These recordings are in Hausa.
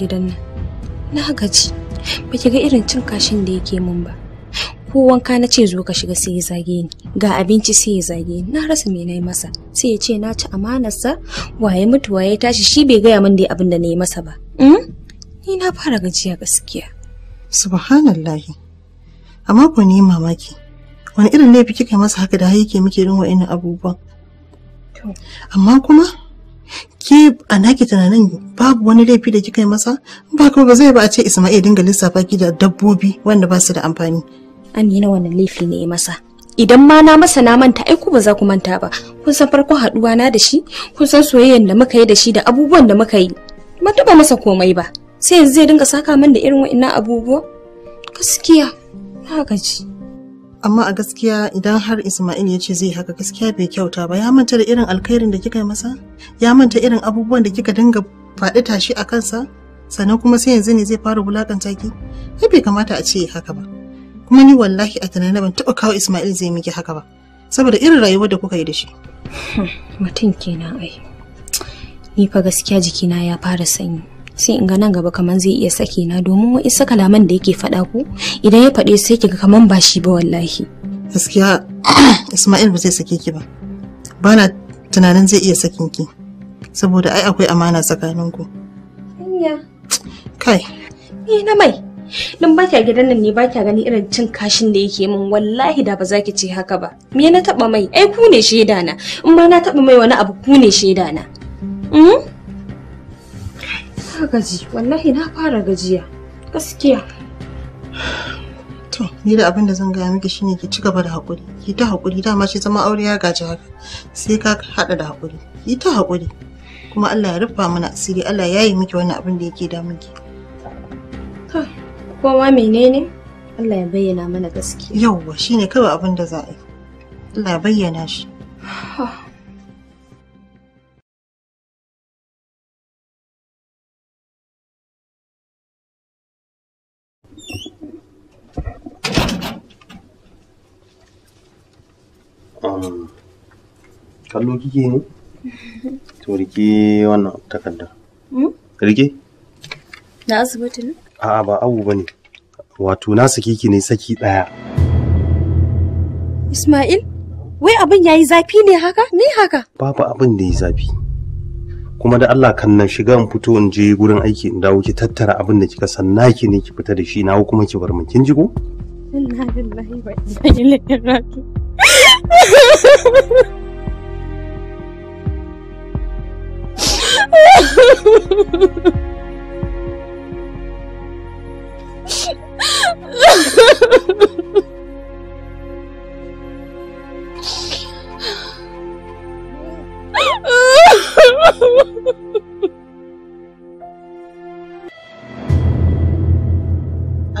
gidan nan na gaji ba ki ga irin cin kashin da yake min ba ko wanka na ce zo ka shiga sai ya zage ni ga abinci sai ya zage ni na rasa me yi masa sai ya ce na ci amanarsa waye mutu waye tashi shi bai gaya min dai abin da na yi masa ba hmm? ni na fara gajiya gaskiya subhanallahi amma ku ni mamaki wani irin laifi kika masa haka da yake muke irin wa'annan abubuwan amma kuma ki a naki tunanin babu wani laifi da kika yi masa ba kuma ba zai ba a ce Isma'il dinga lissafa ki da dabbobi wanda ba su da amfani Amina wannan laifi ne ya masa idan ma na masa na manta ai ku ba za ku manta ba kun san farko haduwa na da shi kun san soyayyar da muka yi da shi da abubuwan da muka yi ban taba masa komai ba sai yanzu zai dinga saka min da irin wa'annan abubuwa gaskiya na gaji amma a gaskiya idan har Ismail ya ce zai haka gaskiya bai kyauta ba ya manta da irin alkhairin da kika yi masa ya manta irin abubuwan da kika dinga faɗi tashi a kansa sannan kuma sai yanzu ne zai fara wulakanta ki ai bai kamata a ce haka ba kuma ni wallahi a tunanin ban taɓa kawo Ismail zai miki haka ba saboda irin rayuwar da kuka yi da shi mutum kenan ai ni fa gaskiya jikina ya fara sanyi sai in ga nan gaba kaman zai iya saki na domin isa kalaman da yake faɗa ku idan ya faɗe sai kiga kaman ba shi ba wallahi gaskiya Ismail ba zai sake ki ba bana tunanin zai iya sakin ki saboda ai akwai amana tsakaninku kai eh na mai dan ba kya gidan nan ne ba kya gani irin cin kashin da yake min wallahi da ba za ki ce haka ba me na taba mai ai ku ne shaida na in ma na taba mai wani abu ku ne shaida na mm ka gaji wallahi na fara gajiya gaskiya to ni da abin da zan gaya miki shine ki ci gaba da hakuri ki ta hakuri dama shi zama aure ya gaji haka sai ka hada da hakuri ki ta hakuri kuma Allah ya rufa mana asiri Allah ya yi miki wannan abin da yake da miki to kowa menene Allah ya bayyana mana gaskiya yauwa shine kawai abin da za a yi Allah ya bayyana shi kallo kike ne to rike wannan takardar hmm? rike na asibiti ne a'a ba abu ba ne. wato na saki ki ne saki ɗaya. Ismail wai abin ya yi zafi ne haka ne haka babu abin da yi zafi kuma da Allah kan nan shiga in fito in je gurin aiki in dawo ki tattara abin da kika san naki ne ki fita da shi nawo kuma ki bar min kin ji ko Inna lillahi wa inna ilaihi raji'un A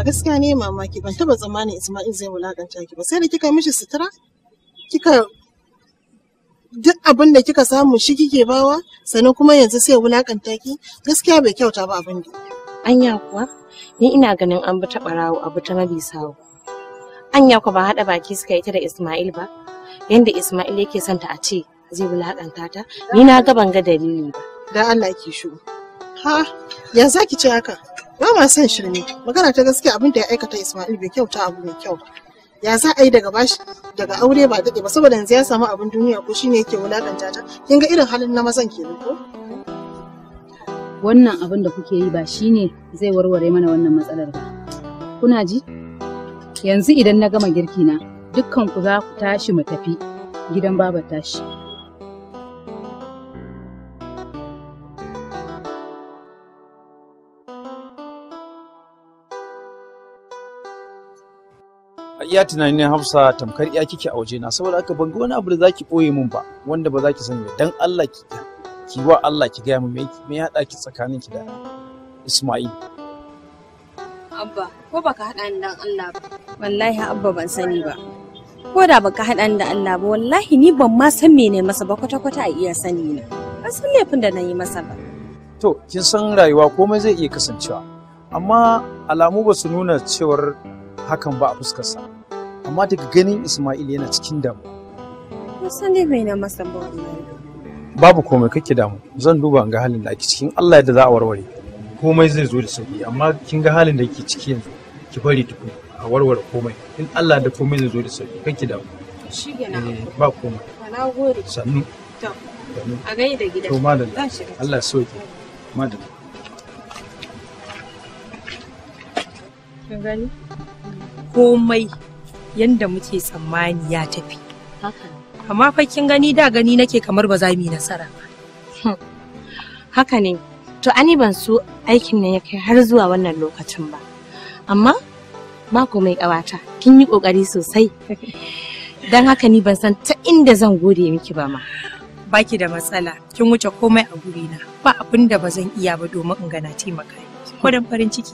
gaskiya ne mamaki ban taba tsammanin Isma'il zai wulakanta ki ba sai da kika mishi sutura kika duk abin da kika samu shi kike bawa sannan kuma yanzu sai wulakanta ki gaskiya bai kyauta ba abin da anya kuwa ni ina ganin an bi ta barawo abu ta mabi sawo anya kuwa ba hada baki suka yi ta da Ismail ba yanda Ismail yake son ta a ce zai wulakanta ta ni na ga ban ga dalili ba dan Allah ki shiru ha ya zaki ce haka ba ma son shirme magana ta gaskiya abin da ya aikata Ismail bai kyauta abu mai kyau ba ya za a yi daga bashi daga aure ba daɗe ba saboda yanzu ya samu abin duniya ko shine yake wulakanta ta kin ga irin halin na mazan ke ko wannan abin da kuke yi ba shine zai warware mana wannan matsalar ba kuna ji yanzu idan na gama girki na dukkan ku za ku tashi mu tafi gidan babar tashi iya tunanin hafsa tamkar iya kike a wajena saboda haka ban ga wani abu da zaki boye min ba wanda ba zaki sani ba dan Allah ki ki wa Allah ki gaya min me ya daki tsakanin ki da Ismail Abba ko baka hada ni dan Allah ba wallahi Abba ban sani ba ko da baka hada ni da Allah ba wallahi ni ban ma san mene masa ba kwata kwata a iya sani na ban san laifin da na yi masa ba to kin san rayuwa komai zai iya kasancewa amma alamu ba su nuna cewar hakan ba a fuskarsa amma daga ganin Ismail yana cikin damu. san ne mai na masa Babu komai kake damu, zan duba ga halin da ake cikin Allah yadda za a warware. Komai zai zo da sauki, amma kin ga halin da ke ciki yanzu, ki bari tukun a warware komai. In Allah da komai zai zo da sauki, kake damu. Shi eh, Ba komai. Na gode. Sannu. A da gida. To madalla. Allah ya sauke. Madalla. Kin gani? Komai yadda muke tsammani ya tafi. Amma fa kin gani da gani nake kamar ba za mu yi nasara ba. Hmm. Haka ne, to ani ban so aikin nan ya kai har zuwa wannan lokacin ba. Amma mako mai ƙawata, kin yi ƙoƙari sosai. Dan haka ni ban san ta inda zan gode miki ba ma. Baki da matsala, kin wuce komai a gurina, ba abin da ba zan iya ba domin in gana taimaka. Ko farin ciki.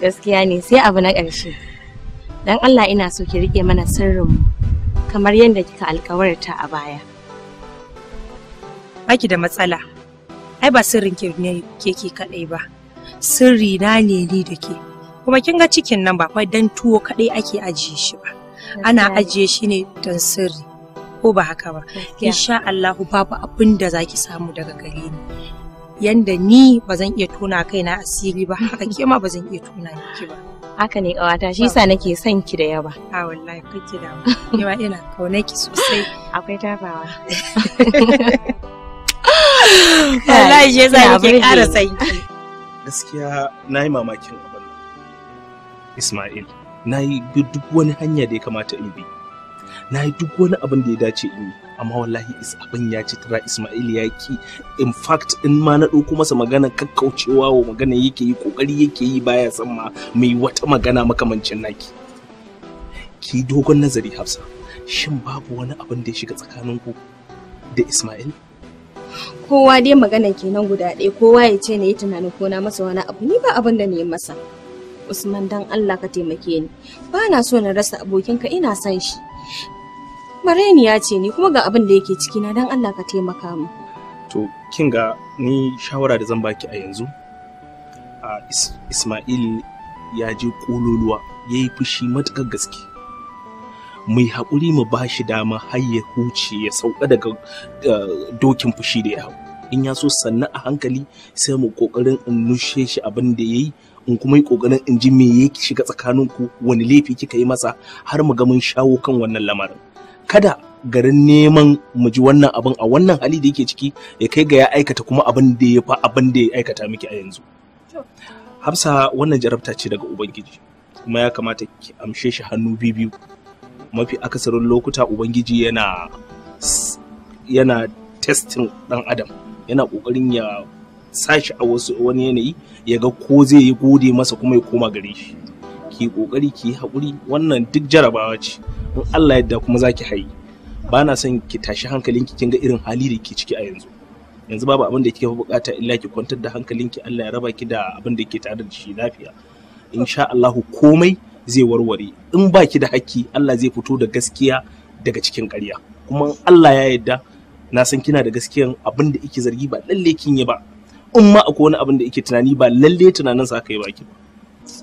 Gaskiya ne sai abu na ƙarshe. Dan Allah ina so ki rike mana sirrinmu kamar yadda kika alkawarta a baya. Baki da matsala. Ai ba sirrin ke ne keke kadai ba. Sirri na ne ni da ke. Kuma kin ga cikin nan ba kwai dan tuwo kadai ake ajiye shi ba. Ana ajiye shi ne don sirri. Ko ba haka ba. Insha Allah babu abin da zaki samu daga gare ni. yanda ni bazan zan iya tona kaina asiri ba haka ke ma ba iya tona ki ba haka ne kawata shi sa nake son ki da yawa a wallahi kake da yawa ina kaune ki sosai akwai tabawa wallahi shi yasa nake ƙara son ki gaskiya na yi mamakin abin Ismail na yi duk wani hanya da ya kamata in bi na yi duk wani abin da ya dace in yi amma wallahi is abin ya ci tara Ismail ya ki in fact in ma na ɗauko masa magana kakkaucewa wa magana yake yi kokari yake yi baya san ma mai wata magana makamancin naki ki dogon nazari Hafsa shin babu wani abin da ya shiga tsakanin ku da Ismail kowa dai maganan kenan guda ɗaya kowa ya ce na yi tunanin ko na masa wani abu ni ba abin da na masa Usman dan Allah ka taimake ni ba na so na rasa abokinka ina san shi mareniya ce ni kuma ga abin da yake na dan Allah ka taimaka mu. To kin ga ni shawara da zan baki a yanzu a Ismail ya je kululuwa yayi fushi matukar gaske. Mai haƙuri mu ba shi dama har ya huce ya sauka daga dokin fushi da ya hau. In ya so sannan a hankali sai mu ƙoƙarin in nushe shi abin da ya in kuma yi ƙoƙarin in ji me ya shiga tsakaninku wani laifi kika yi masa har mu ga mun shawo kan wannan lamarin. kada garin neman mu ji wannan abin a wannan hali da yake ciki ya kai ga ya aikata kuma abin da ya fa abin da ya aikata miki a yanzu hafsa wannan jarabta ce daga ubangiji kuma ya kamata ki amshe shi hannu biyu mafi akasarin lokuta ubangiji yana yana testin dan adam yana kokarin ya sashi a wasu wani yanayi ya ga ko zai yi gode masa kuma ya koma gare shi ki kokari ki haƙuri wannan duk jarabawa ce in Allah yadda kuma zaki haye ba na son ki tashi hankalinki kin ga irin hali da ke ciki a yanzu yanzu babu abin da kike bukata illa ki kwantar da hankalinki Allah ya raba ki da abin da ke tare da shi lafiya insha Allah komai zai warware in ba ki da haƙƙi Allah zai fito da gaskiya daga cikin ƙarya kuma in Allah ya yarda na san kina da gaskiyan abin da ike zargi ba lalle kin yi ba in ma akwai abin da ike tunani ba lalle tunanin sa ka yi baki ba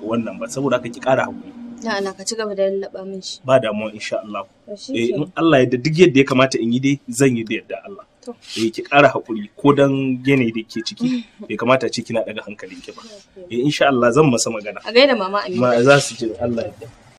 wannan ba saboda haka ki kara hakuri na ka ci gaba da lallaba min shi ba damuwa insha Allah eh in Allah ya duk yadda ya kamata in yi dai zan yi da yadda Allah eh ki kara hakuri ko dan yanayi da ke ciki bai kamata ce kina daga hankalin ki ba eh insha Allah zan masa magana a gaida mama Amina ma za su ji Allah ya